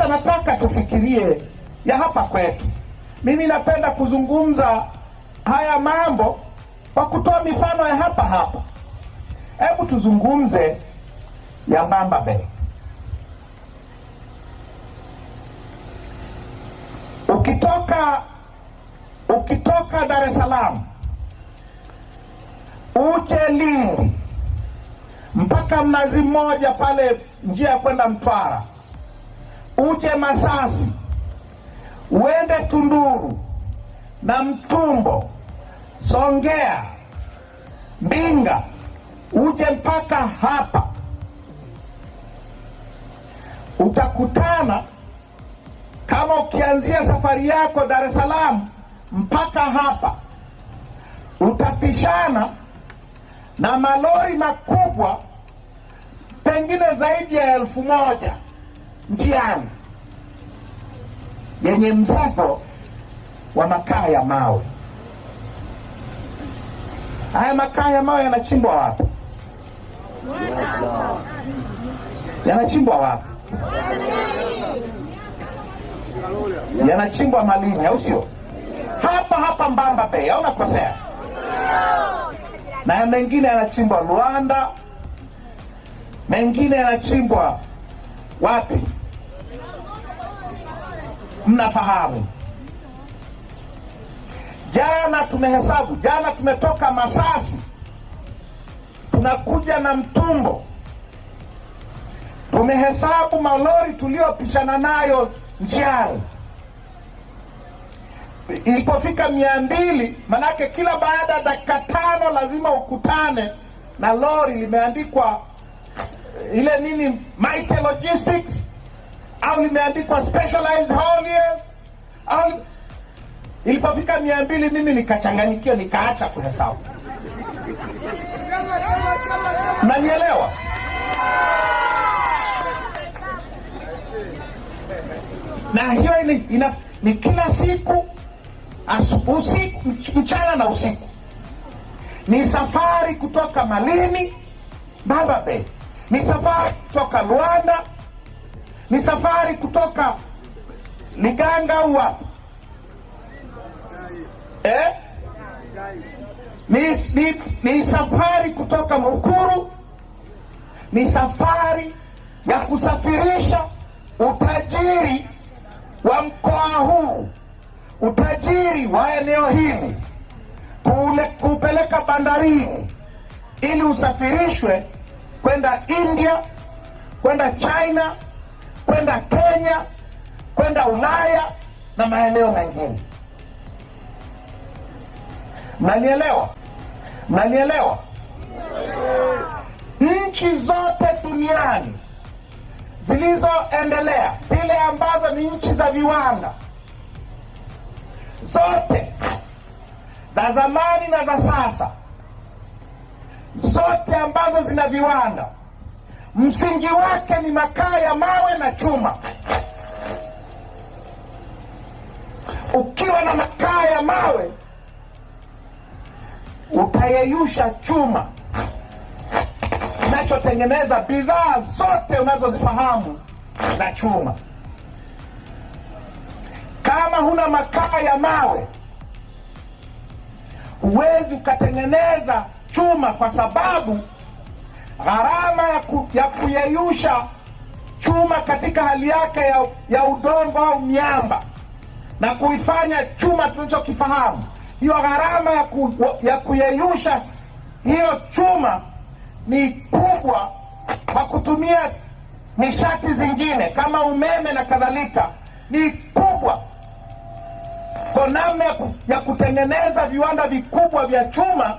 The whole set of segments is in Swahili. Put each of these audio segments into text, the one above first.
Sasa nataka tufikirie ya hapa kwetu. Mimi napenda kuzungumza haya mambo kwa kutoa mifano ya hapa hapa. Hebu tuzungumze ya Mamba Bay. Ukitoka ukitoka Dar es Salaam uje Lindi mpaka Mnazi Mmoja pale njia ya kwenda Mtwara uje Masasi, uende Tunduru na Mtumbo, Songea, Mbinga, uje mpaka hapa utakutana kama ukianzia safari yako Dar es Salaam mpaka hapa utapishana na malori makubwa pengine zaidi ya elfu moja njiani yenye mzigo wa makaa ya mawe. Haya makaa ya mawe yanachimbwa wapi? Yanachimbwa wapi? Yanachimbwa malini au sio? Hapa hapa Mbamba Bay, au nakosea? Na mengine yanachimbwa Rwanda, mengine yanachimbwa wapi? mnafahamu. Jana tumehesabu, jana tumetoka Masasi tunakuja na Mtumbo, tumehesabu malori tuliyopishana nayo njiani ilipofika mia mbili. Manake kila baada ya dakika tano lazima ukutane na lori limeandikwa eh, ile nini, Maite Logistics au limeandikwa specialized hauliers au ilipofika mia mbili mimi nikachanganyikiwa, nikaacha kuhesabu. Nanielewa? na hiyo ni, ina, ni kila siku asu, usiku mchana na usiku, ni safari kutoka malini Mbamba ni safari kutoka rwanda ni safari kutoka Liganga uwa eh? ni, ni, ni safari kutoka Mukuru, ni safari ya kusafirisha utajiri wa mkoa huu, utajiri wa eneo hili kupeleka bandarini ili usafirishwe kwenda India, kwenda China kwenda Kenya, kwenda Ulaya na maeneo mengine. Mnanielewa? Mnanielewa? Nchi zote duniani zilizoendelea, zile ambazo ni nchi za viwanda, zote za zamani na za sasa, zote ambazo zina viwanda msingi wake ni makaa ya mawe na chuma. Ukiwa na makaa ya mawe utayeyusha chuma, kinachotengeneza bidhaa zote unazozifahamu na chuma. Kama huna makaa ya mawe huwezi ukatengeneza chuma, kwa sababu gharama ya, ku, ya kuyeyusha chuma katika hali yake ya, ya udongo au miamba na kuifanya chuma tunachokifahamu, hiyo gharama ya, ku, ya kuyeyusha hiyo chuma ni kubwa kwa kutumia nishati zingine kama umeme na kadhalika, ni kubwa kwa namna ya kutengeneza viwanda vikubwa vya chuma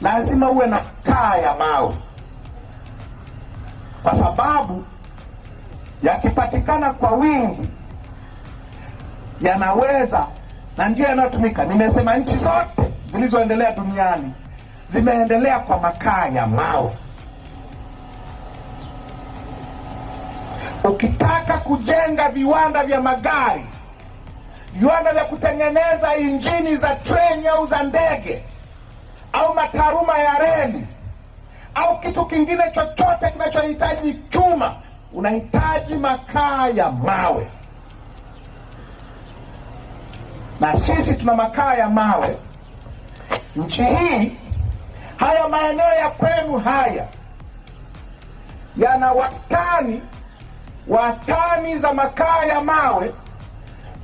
lazima uwe na kaa ya mawe kwa sababu yakipatikana kwa wingi yanaweza na ndio yanayotumika. Nimesema nchi zote zilizoendelea duniani zimeendelea kwa makaa ya mawe. Ukitaka kujenga viwanda vya magari, viwanda vya kutengeneza injini za treni au za ndege au mataaluma ya reli au kitu kingine chochote kinachohitaji chuma, unahitaji makaa ya mawe, na sisi tuna makaa ya mawe nchi hii. Haya maeneo ya kwenu haya yana wastani wa tani za makaa ya mawe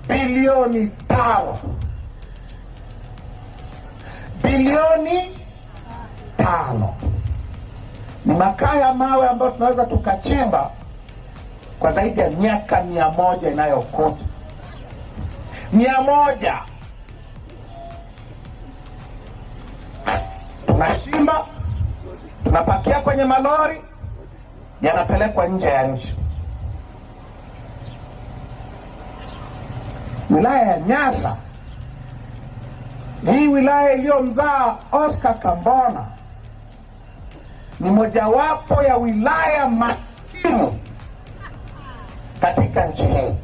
bilioni tano bilioni tano ni makaa ya mawe ambayo tunaweza tukachimba kwa zaidi ya miaka mia moja inayokota mia moja tunashimba tunapakia kwenye malori yanapelekwa nje ya nchi. Wilaya ya Nyasa, hii wilaya iliyomzaa Oscar Kambona ni mojawapo ya wilaya maskini katika nchi hii.